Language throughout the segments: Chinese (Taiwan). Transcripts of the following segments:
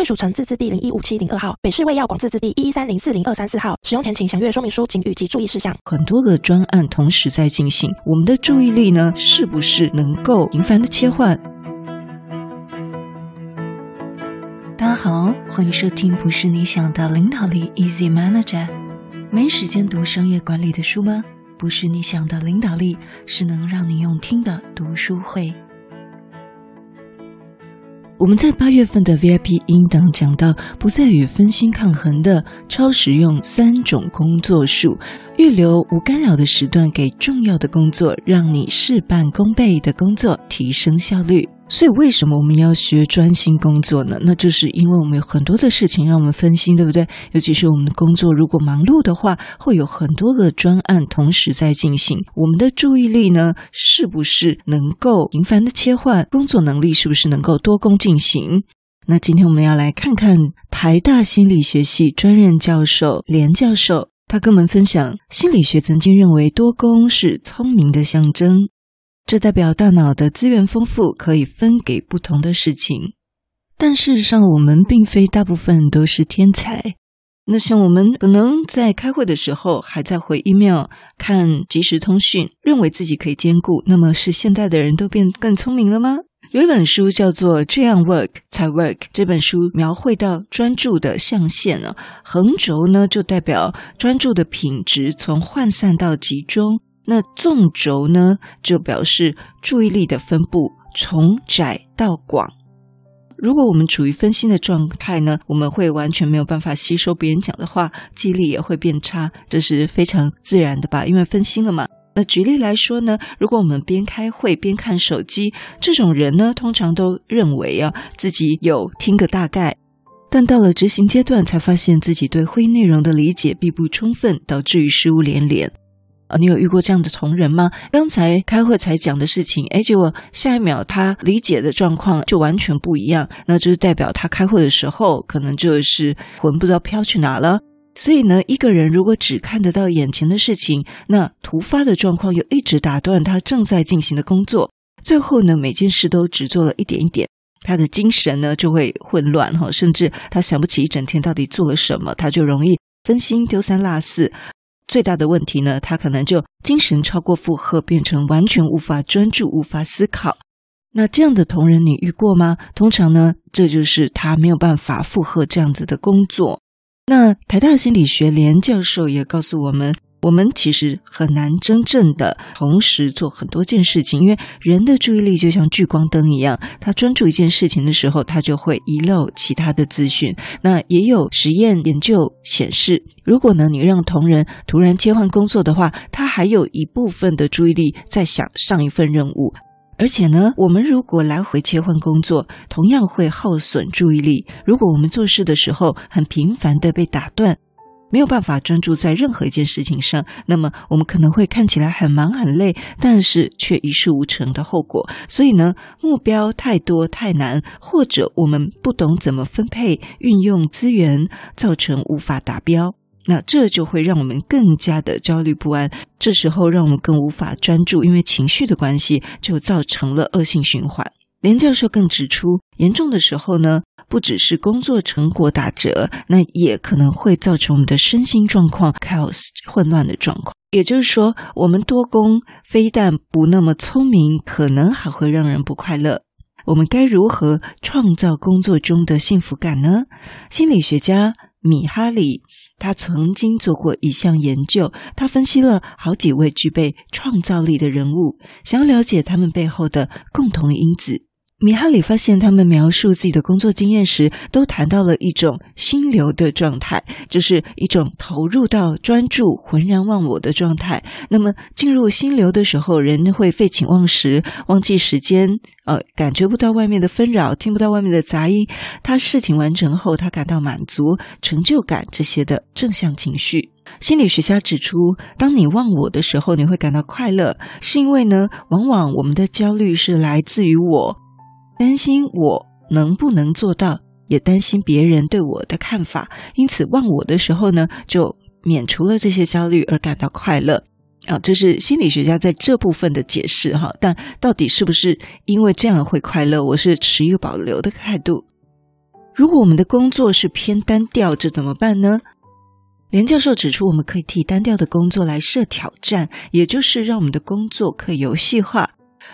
衛署成製字第零一五七零二號，北市衛藥廣字第一一三零四零二三四號。使用前請詳閱說明書警語及注意事項。很多個專案同時在進行，我們的注意力呢，是不是能夠頻繁的切換？嗯、大家好，歡迎收聽，不是你想的領導力 Easy Manager。沒時間讀商業管理的書嗎？不是你想的領導力，是能讓你用聽的讀書會。我們在八月份的 VIP 音檔講到，不再與分心抗衡的超實用三種工作術。預留無干擾的時段給重要的工作，讓你事半功倍的工作，提升效率。所以，為什麼我們要學專心工作呢？那就是因為我們有很多的事情讓我們分心，對不對？尤其是我們的工作，如果忙碌的話，會有很多個專案同時在進行。我們的注意力呢，是不是能夠頻繁的切換？工作能力是不是能夠多工進行？那今天我們要來看看台大心理學系專任教授連教授。他跟我們分享，心理學曾經認為多工是聰明的象徵，這代表大腦的資源豐富，可以分給不同的事情。但事實上，我們並非大部分都是天才。那像我們可能在開會的時候還在回 email、看即時通訊，認為自己可以兼顧，那麼是現代的人都變更聰明了嗎？有一本書叫做《這樣 work 才 work》，這本書描繪到專注的象限了。橫軸呢就代表專注的品質，從渙散到集中；那縱軸呢就表示注意力的分布，從窄到廣。如果我們處於分心的狀態呢，我們會完全沒有辦法吸收別人講的話，記憶力也會變差，這是非常自然的吧？因為分心了嘛。那舉例來說呢，如果我們邊開會邊看手機，這種人呢，通常都認為啊自己有聽個大概，但到了執行階段，才發現自己對會議內容的理解並不充分，導致於失誤連連。啊，你有遇過這樣的同仁嗎？剛才開會才講的事情，哎，結果下一秒他理解的狀況就完全不一樣，那就是代表他開會的時候，可能就是魂不知道飄去哪了。所以呢，一個人如果只看得到眼前的事情，那突發的狀況又一直打斷他正在進行的工作，最後呢，每件事都只做了一點一點，他的精神呢就會混亂哈，甚至他想不起一整天到底做了什麼，他就容易分心丟三落四。最大的問題呢，他可能就精神超過負荷，變成完全無法專注、無法思考。那這樣的同仁你遇過嗎？通常呢，這就是他沒有辦法負荷這樣子的工作。那台大心理學連教授也告訴我們，我們其實很難真正的同時做很多件事情，因為人的注意力就像聚光燈一樣，他專注一件事情的時候，他就會遺漏其他的資訊。那也有實驗研究顯示，如果呢你讓同仁突然切換工作的話，他還有一部分的注意力在想上一份任務。而且呢，我們如果來回切換工作，同樣會耗損注意力。如果我們做事的時候很頻繁的被打斷，沒有辦法專注在任何一件事情上，那麼我們可能會看起來很忙很累，但是卻一事無成的後果。所以呢，目標太多太難，或者我們不懂怎麼分配運用資源，造成無法達標。那這就會讓我們更加的焦慮不安，這時候讓我們更無法專注，因為情緒的關係就造成了惡性循環。林教授更指出，嚴重的時候呢，不只是工作成果打折，那也可能會造成我們的身心狀況 chaos 混亂的狀況。也就是說，我們多工非但不那麼聰明，可能還會讓人不快樂。我們該如何創造工作中的幸福感呢？心理學家，米哈里，他曾經做過一項研究，他分析了好幾位具備創造力的人物，想要了解他們背後的共同因子。米哈里發現，他們描述自己的工作經驗時，都談到了一種心流的狀態，就是一種投入到專注、渾然忘我的狀態。那麼，進入心流的時候，人會廢寢忘食，忘記時間，呃，感覺不到外面的紛擾，聽不到外面的雜音。他事情完成後，他感到滿足、成就感這些的正向情緒。心理學家指出，當你忘我的時候，你會感到快樂，是因為呢，往往我們的焦慮是來自於我。擔心我能不能做到，也擔心別人對我的看法，因此忘我的時候呢，就免除了這些焦慮而感到快樂。啊、哦，這是心理學家在這部分的解釋哈。但到底是不是因為這樣會快樂，我是持一個保留的態度。如果我們的工作是偏單調，這怎麼辦呢？連教授指出，我們可以替單調的工作來設挑戰，也就是讓我們的工作可以遊戲化。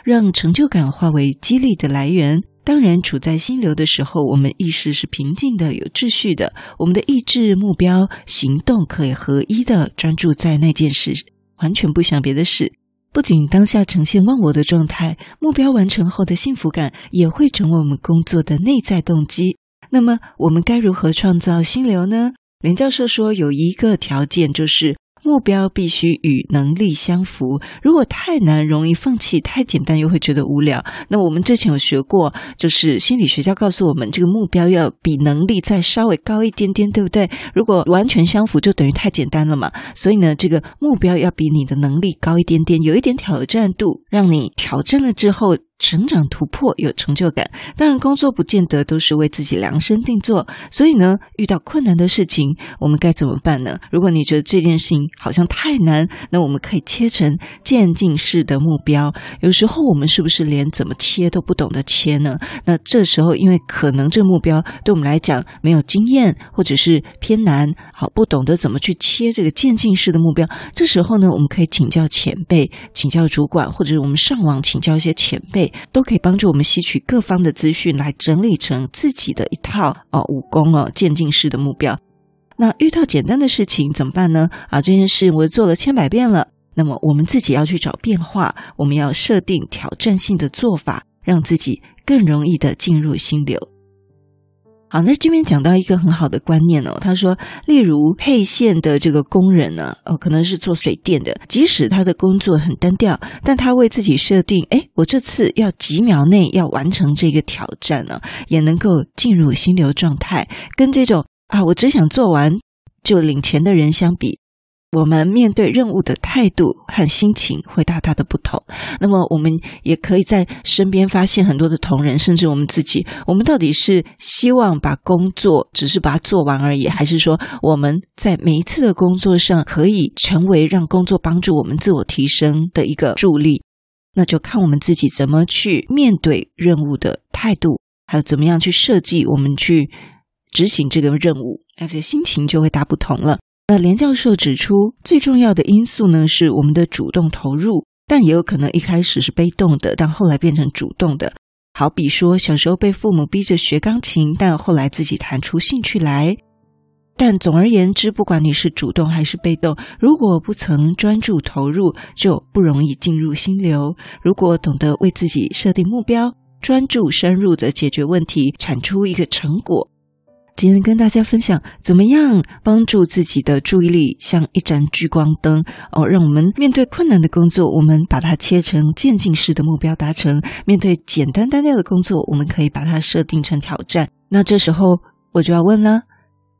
讓成就感化為激勵的來源。當然，處在心流的時候，我們意識是平靜的、有秩序的，我們的意志、目標、行動可以合一的專注在那件事，完全不想別的事。不僅當下呈現忘我的狀態，目標完成後的幸福感也會成為我們工作的內在動機。那麼，我們該如何創造心流呢？林教授說，有一個條件就是。目標必須與能力相符。如果太難，容易放棄；太簡單，又會覺得無聊。那我們之前有學過，就是心理學家告訴我們，這個目標要比能力再稍微高一點點，對不對？如果完全相符，就等於太簡單了嘛。所以呢，這個目標要比你的能力高一點點，有一點挑戰度，讓你挑戰了之後，成長突破有成就感，當然工作不見得都是為自己量身定做。所以呢，遇到困難的事情，我們該怎麼辦呢？如果你覺得這件事情好像太難，那我們可以切成漸進式的目標。有時候我們是不是連怎麼切都不懂得切呢？那這時候，因為可能這個目標對我們來講沒有經驗，或者是偏難。好，不懂得怎麼去切這個漸進式的目標，這時候呢，我們可以請教前輩、請教主管，或者我們上網請教一些前輩，都可以幫助我們吸取各方的資訊，來整理成自己的一套，哦，武功哦，漸進式的目標。那遇到簡單的事情怎麼辦呢？啊，這件事我做了千百遍了，那麼我們自己要去找變化，我們要設定挑戰性的做法，讓自己更容易的進入心流。啊，那這邊講到一個很好的觀念哦。他說，例如配線的這個工人呢、啊，哦，可能是做水電的，即使他的工作很單調，但他為自己設定，哎、欸，我這次要幾秒內要完成這個挑戰呢、哦，也能夠進入心流狀態。跟這種啊，我只想做完就領錢的人相比。我們面對任務的態度和心情會大大的不同。那麼，我們也可以在身邊發現很多的同仁，甚至我們自己。我們到底是希望把工作只是把它做完而已，還是說我們在每一次的工作上可以成為讓工作幫助我們自我提升的一個助力？那就看我們自己怎麼去面對任務的態度，還有怎麼樣去設計我們去執行這個任務，而且心情就會大不同了。那、呃、連教授指出，最重要的因素呢是我們的主動投入，但也有可能一開始是被動的，但後來變成主動的。好比說，小時候被父母逼着學鋼琴，但後來自己彈出興趣來。但總而言之，不管你是主動還是被動，如果不曾專注投入，就不容易進入心流。如果懂得為自己設定目標，專注深入的解決問題，產出一個成果。今天跟大家分享，怎麼樣幫助自己的注意力像一盞聚光燈哦，讓我們面對困難的工作，我們把它切成漸進式的目標達成；面對簡單單調的工作，我們可以把它設定成挑戰。那這時候我就要問了：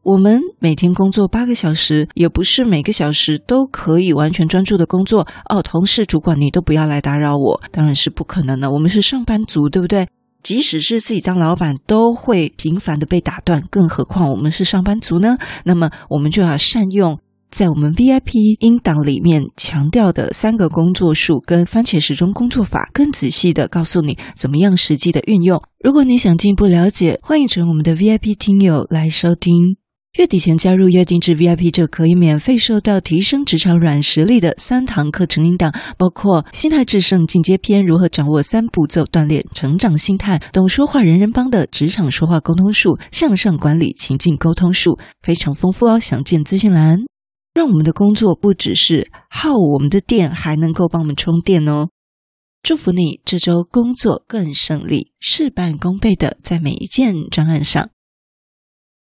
我們每天工作八個小時，也不是每個小時都可以完全專注的工作哦。同事、主管，你都不要來打擾我，當然是不可能的。我們是上班族，對不對？即使是自己當老闆，都會頻繁的被打斷，更何況我們是上班族呢？那麼我們就要善用在我們 VIP 音檔裡面強調的三個工作術跟番茄時鐘工作法，更仔細的告訴你怎麼樣實際的運用。如果你想進一步了解，歡迎成為我們的 VIP 聽友來收聽。月底前加入約定制 VIP 就可以免費收到提升職場軟實力的三堂課程引導，包括心態制勝進階篇：如何掌握三步驟鍛鍊成長心態；懂說話人人幫的職場說話溝通術；向上管理情境溝通術，非常豐富哦。詳見資訊欄，讓我們的工作不只是耗我們的電，還能夠幫我們充電哦。祝福你這周工作更順利，事半功倍的在每一件專案上。